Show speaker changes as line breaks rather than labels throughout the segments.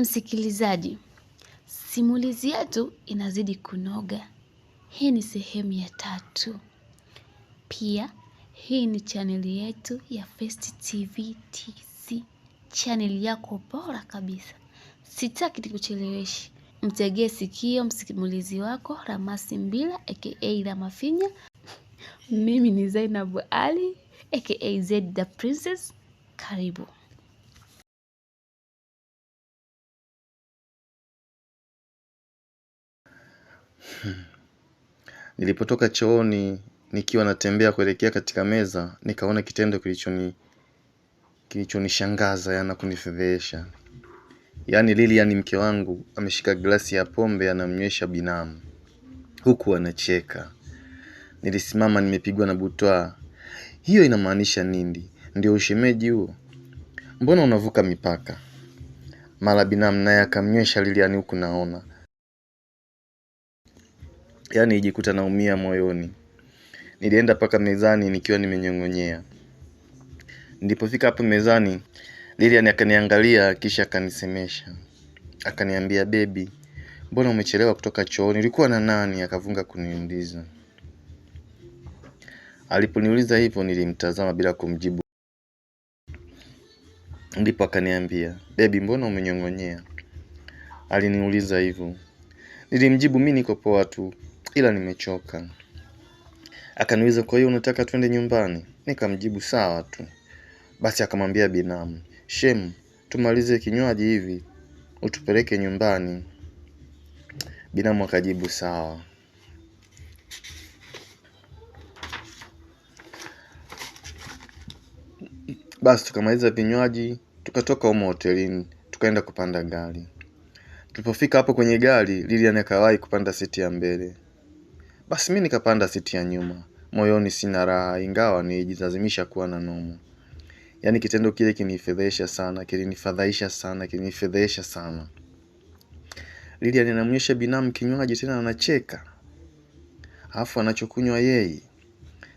Msikilizaji, simulizi yetu inazidi kunoga. Hii ni sehemu ya tatu. Pia hii ni chaneli yetu ya First TV TC, chaneli yako bora kabisa. Sitaki nikucheleweshi, mtegee sikio msimulizi wako Ramasi Mbila aka Ramafinya. Mimi ni Zainabu Ali aka Z the Princess. Karibu.
Nilipotoka chooni nikiwa natembea kuelekea katika meza nikaona kitendo kilichoni kilichonishangaza yana kunifedhesha. Yaani Lilian yaani mke wangu ameshika glasi ya pombe anamnywesha binamu huku anacheka. Nilisimama nimepigwa na butwa. Hiyo inamaanisha nini? Ndio ushemeji huo? Mbona unavuka mipaka? Mara binamu naye akamnywesha Lilian yaani huku naona yaani ijikuta naumia moyoni. Nilienda mpaka mezani nikiwa nimenyong'onyea. Nilipofika hapo mezani, Lilian akaniangalia kisha akanisemesha. Akaniambia, bebi mbona umechelewa kutoka choo nilikuwa na nani?" Akavunga kuniuliza. Aliponiuliza hivyo nilimtazama bila kumjibu. Ndipo akaniambia, bebi mbona umenyong'onyea?" Aliniuliza hivyo. Nilimjibu, "Mimi niko poa tu." ila nimechoka. Akaniuliza, kwa hiyo unataka twende nyumbani? Nikamjibu sawa tu. Basi akamwambia binamu, Shem, tumalize kinywaji hivi utupeleke nyumbani. Binamu akajibu sawa. Basi tukamaliza vinywaji, tukatoka humo hotelini, tukaenda kupanda gari. Tulipofika hapo kwenye gari, Lilian akawahi kupanda siti ya mbele. Basi mi nikapanda siti ya nyuma, moyoni sina raha ingawa nilijilazimisha kuwa na nomu Yaani kitendo kile kinifedhesha sana, kilinifadhaisha sana, kilinifedhesha sana. Lilia ninamnyesha binamu kinywaji tena anacheka. Alafu anachokunywa yeye.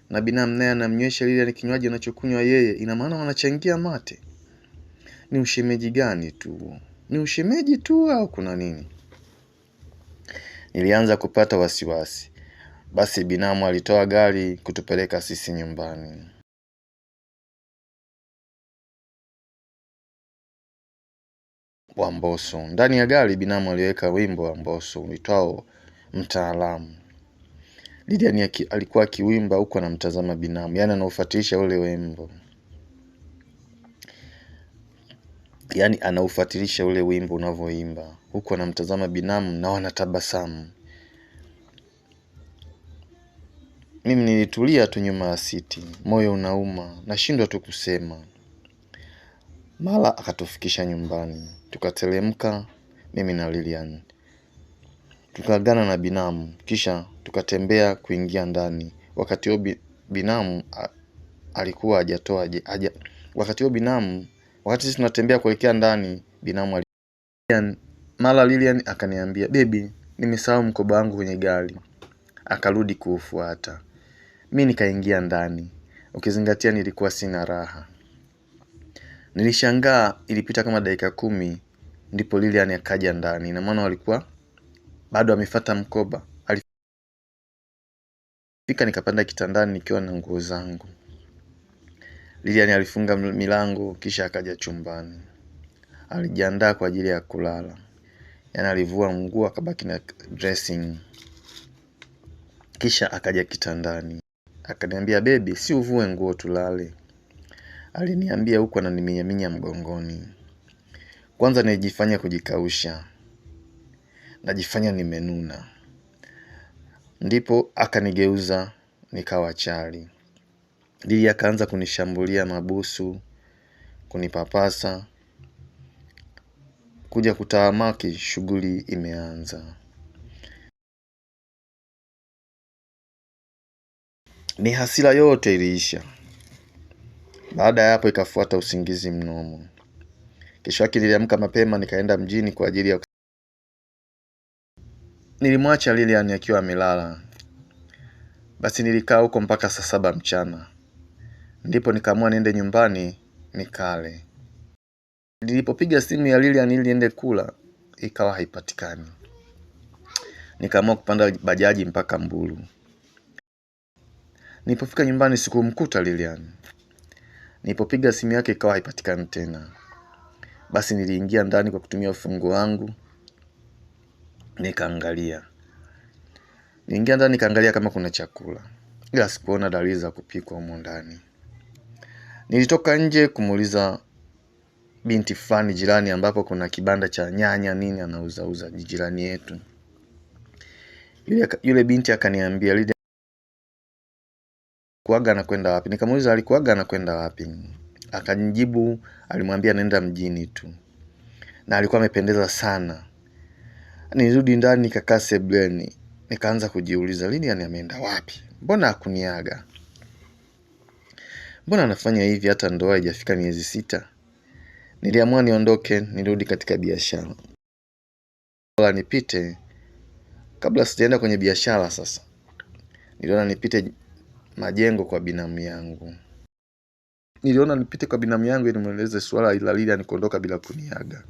Na binamu naye anamnywesha Lilia ni kinywaji anachokunywa yeye. Ina maana wanachangia mate. Ni ushemeji gani tu? Ni ushemeji tu au kuna nini? Nilianza kupata wasiwasi. Basi binamu alitoa gari kutupeleka sisi nyumbani. wa Mbosso. Ndani ya gari binamu aliweka wimbo wa Mbosso uitwao Mtaalamu. lidiani alikuwa akiwimba huku anamtazama binamu, yaani anaufuatilisha ule wimbo, yaani anaufuatilisha ule wimbo unavyoimba, huku anamtazama binamu na wanatabasamu. Mimi nilitulia tu nyuma ya siti, moyo unauma, nashindwa tu kusema. Mala akatufikisha nyumbani, tukateremka mimi na Lilian. tukagana na binamu, kisha tukatembea kuingia ndani. Wakati huo binamu alikuwa hajatoa haja. Wakati huo binamu, wakati sisi tunatembea kuelekea ndani, binamu alikuwa mara Lilian akaniambia, bebi, nimesahau mkoba wangu kwenye gari." Akarudi kuufuata. Mi nikaingia ndani. Ukizingatia nilikuwa sina raha. Nilishangaa ilipita kama dakika kumi ndipo Lilian akaja ndani. Ina walikuwa bado amefata mkoba. Alifika nikapanda kitandani nikiwa na nguo zangu. Lilian alifunga milango kisha akaja chumbani. Alijiandaa kwa ajili ya kulala. Yaani alivua nguo akabaki na dressing. Kisha akaja kitandani. Akaniambia bebi, si uvue nguo tulale, aliniambia huku ananiminyaminya mgongoni. Kwanza nijifanya kujikausha, najifanya nimenuna, ndipo akanigeuza nikawa chali. dili akaanza kunishambulia mabusu, kunipapasa, kuja kutawamaki Shughuli imeanza. Ni hasira yote iliisha. Baada ya hapo ikafuata usingizi mnomo. Kesho yake niliamka mapema nikaenda mjini kwa ajili ya Nilimwacha Lilian akiwa amelala. Basi nilikaa huko mpaka saa saba mchana, ndipo nikaamua niende nyumbani nikale. Nilipopiga simu ya Lilian ili niende kula, ikawa haipatikani. Nikaamua kupanda bajaji mpaka Mbulu. Nilipofika nyumbani sikumkuta Lilian. Nilipopiga simu yake ikawa haipatikani tena. Basi niliingia ndani kwa kutumia ufunguo wangu nikaangalia. Niingia ndani nikaangalia kama kuna chakula, ila sikuona dalili za kupikwa humo ndani. Nilitoka nje kumuuliza binti fulani jirani, ambapo kuna kibanda cha nyanya nini anauzauza jirani yetu. Yule, yule binti akaniambia kuaga anakwenda wapi? Nikamuuliza alikuaga anakwenda wapi? Akanijibu alimwambia naenda mjini tu. Na alikuwa amependeza sana. Nirudi ndani nikakaa sebleni. Nikaanza kujiuliza lini yani ameenda wapi? Mbona akuniaga? Mbona anafanya hivi hata ndoa haijafika miezi sita? Niliamua niondoke, nirudi katika biashara. Bora nipite kabla sijaenda kwenye biashara sasa. Niliona nipite majengo kwa binamu yangu. Niliona nipite kwa binamu yangu ili nimweleze swala ila lile anikuondoka bila kuniaga.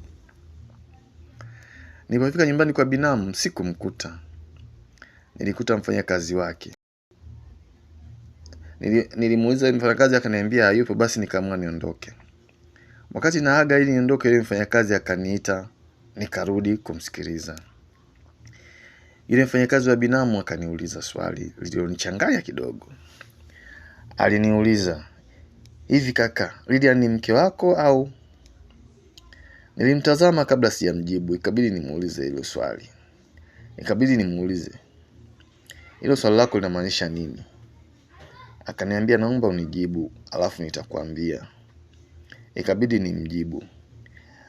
Nilipofika nyumbani kwa binamu sikumkuta, nilikuta mfanyakazi wake. Nilimuuliza mfanyakazi, akaniambia hayupo. Basi nikaamua niondoke. Wakati naaga ili niondoke, yule mfanyakazi akaniita, nikarudi kumsikiliza. Yule mfanyakazi wa binamu akaniuliza swali lililonichanganya kidogo. Aliniuliza, hivi kaka, Lidia ni mke wako au? Nilimtazama kabla sijamjibu, ikabidi nimuulize hilo swali. Ikabidi nimuulize, hilo swali lako linamaanisha nini? Akaniambia, naomba unijibu alafu nitakwambia. Ikabidi nimjibu,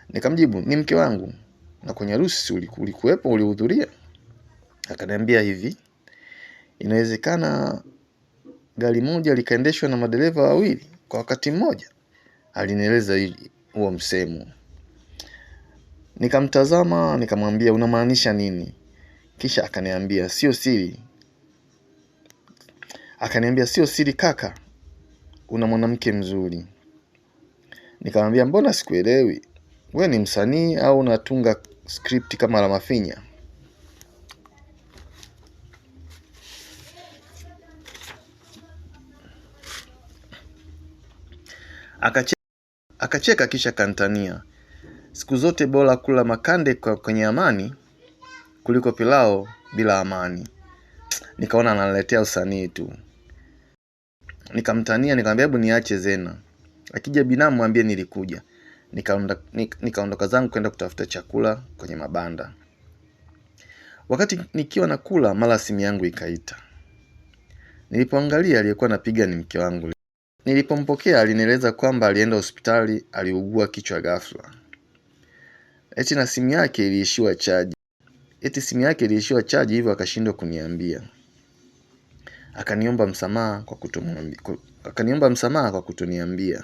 nikamjibu, ni mke wangu, na kwenye harusi ulikuwepo, ulihudhuria? uli Akaniambia hivi, inawezekana gari moja likaendeshwa na madereva wawili kwa wakati mmoja. Alinieleza hili huo msemo. Nikamtazama, nikamwambia unamaanisha nini? Kisha akaniambia sio siri, akaniambia sio siri kaka, una mwanamke mzuri. Nikamwambia mbona sikuelewi, we ni msanii au unatunga script kama mafinya? Akacheka, akacheka kisha kantania, siku zote bora kula makande kwa kwenye amani kuliko pilao bila amani. Nikaona analetea usanii tu, nikamtania, nikamwambia hebu niache Zena, akija binamu mwambie nilikuja. Nikaondoka nika zangu kwenda kutafuta chakula kwenye mabanda. Wakati nikiwa nakula, mara simu yangu ikaita. Nilipoangalia, aliyekuwa napiga ni mke wangu. Nilipompokea alinieleza kwamba alienda hospitali aliugua kichwa ghafla. Eti na simu yake iliishiwa chaji. Eti simu yake iliishiwa chaji hivyo akashindwa kuniambia. Akaniomba msamaha kwa kutomwambia. Akaniomba msamaha kwa kutoniambia.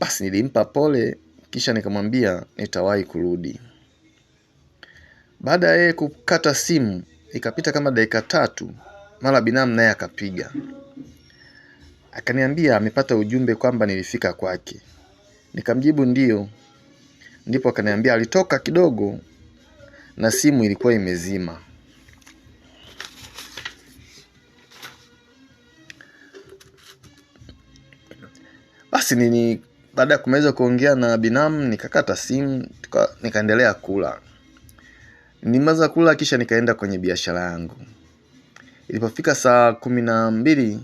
Basi nilimpa pole kisha nikamwambia nitawahi kurudi. Baada ya yeye kukata simu, ikapita kama dakika tatu, mara binamu naye akapiga. Akaniambia amepata ujumbe kwamba nilifika kwake. Nikamjibu ndio Ndipo akaniambia alitoka kidogo na simu ilikuwa imezima. Basi nini, baada ya kumaliza kuongea na binamu nikakata simu, nikaendelea kula. Nilimaliza kula kisha nikaenda kwenye biashara yangu. Ilipofika saa kumi na mbili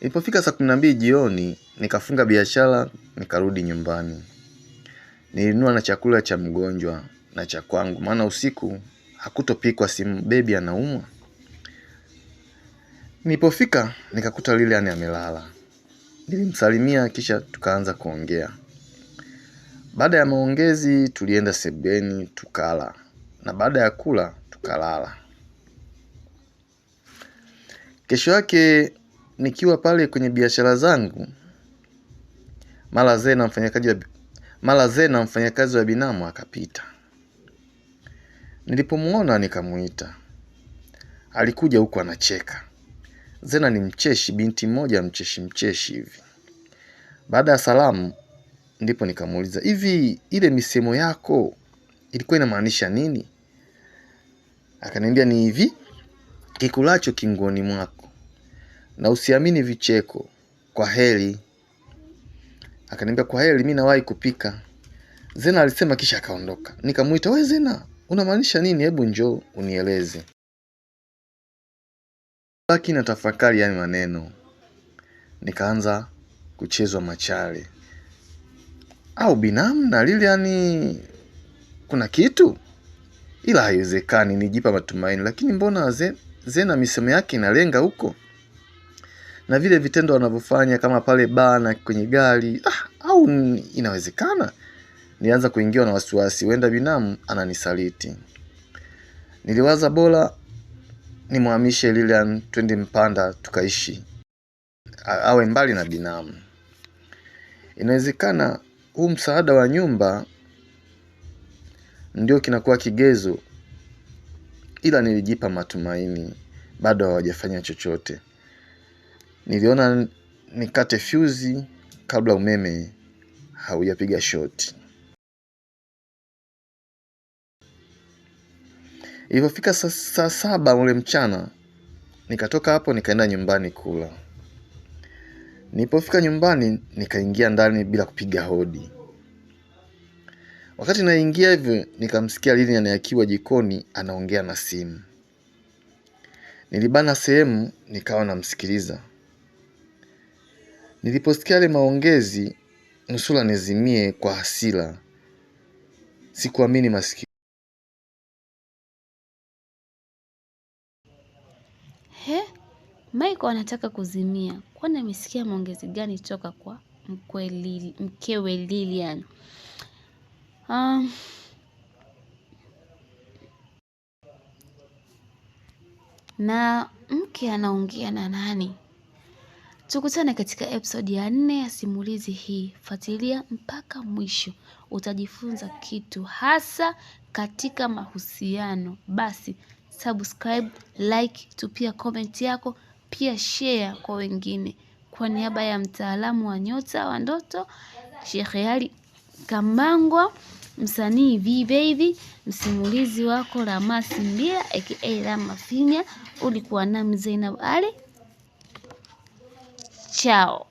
Ilipofika saa kumi na mbili jioni, nikafunga biashara, nikarudi nyumbani. nilinua na chakula cha mgonjwa na cha kwangu, maana usiku hakutopikwa, simu bebi anaumwa. Nilipofika nikakuta Lilian amelala. Nilimsalimia kisha tukaanza kuongea. Baada ya maongezi, tulienda sebeni tukala, na baada ya kula tukalala. Kesho yake nikiwa pale kwenye biashara zangu mara zee na mfanyakazi wa mara zee na mfanyakazi wa binamu akapita. Nilipomwona nikamuita, alikuja huku anacheka. Zena ni mcheshi, binti mmoja mcheshi mcheshi hivi. Baada ya salamu, ndipo nikamuuliza hivi, ile misemo yako ilikuwa inamaanisha nini? Akaniambia ni hivi, kikulacho kingoni mwako na usiamini vicheko. Kwa heri. Akaniambia kwa heri, mi nawahi kupika. Zena alisema kisha akaondoka. Nikamuita, we Zena, unamaanisha nini? Hebu njoo unieleze. Baki na tafakari yani maneno. Nikaanza kuchezwa machale au binamu na yani kuna kitu ila haiwezekani. Nijipa matumaini, lakini mbona Zena misemo yake inalenga huko? na vile vitendo wanavyofanya kama pale bana kwenye gari ah, au inawezekana nianza kuingiwa na wasiwasi, huenda binamu ananisaliti. Niliwaza bora nimhamishe Lilian, twende Mpanda tukaishi, awe mbali na binamu. Inawezekana huu msaada wa nyumba ndio kinakuwa kigezo, ila nilijipa matumaini, bado hawajafanya chochote. Niliona nikate fuse kabla umeme haujapiga shoti. ilivyofika saa sa saba ule mchana, nikatoka hapo nikaenda nyumbani kula. Nilipofika nyumbani nikaingia ndani bila kupiga hodi. Wakati naingia hivyo, nikamsikia Lilian akiwa jikoni anaongea na simu. Nilibana sehemu nikawa namsikiliza. Niliposikia yale maongezi, nusura nizimie kwa hasira. Sikuamini masikio.
He, Maiko anataka kuzimia. Kwani amesikia maongezi gani toka kwa Lili, mkewe Lilian? Um, na mke anaongea na nani? Tukutane katika episode ya nne ya simulizi hii. Fuatilia mpaka mwisho, utajifunza kitu hasa katika mahusiano. Basi subscribe, like, tupia comment yako, pia share kwa wengine. Kwa niaba ya mtaalamu wa nyota wa ndoto Sheikh Ali Kambangwa, msanii V Baby, msimulizi wako Ramasi Mbia aka Rama Finya, ulikuwa nami Zainab Ali.
瞧。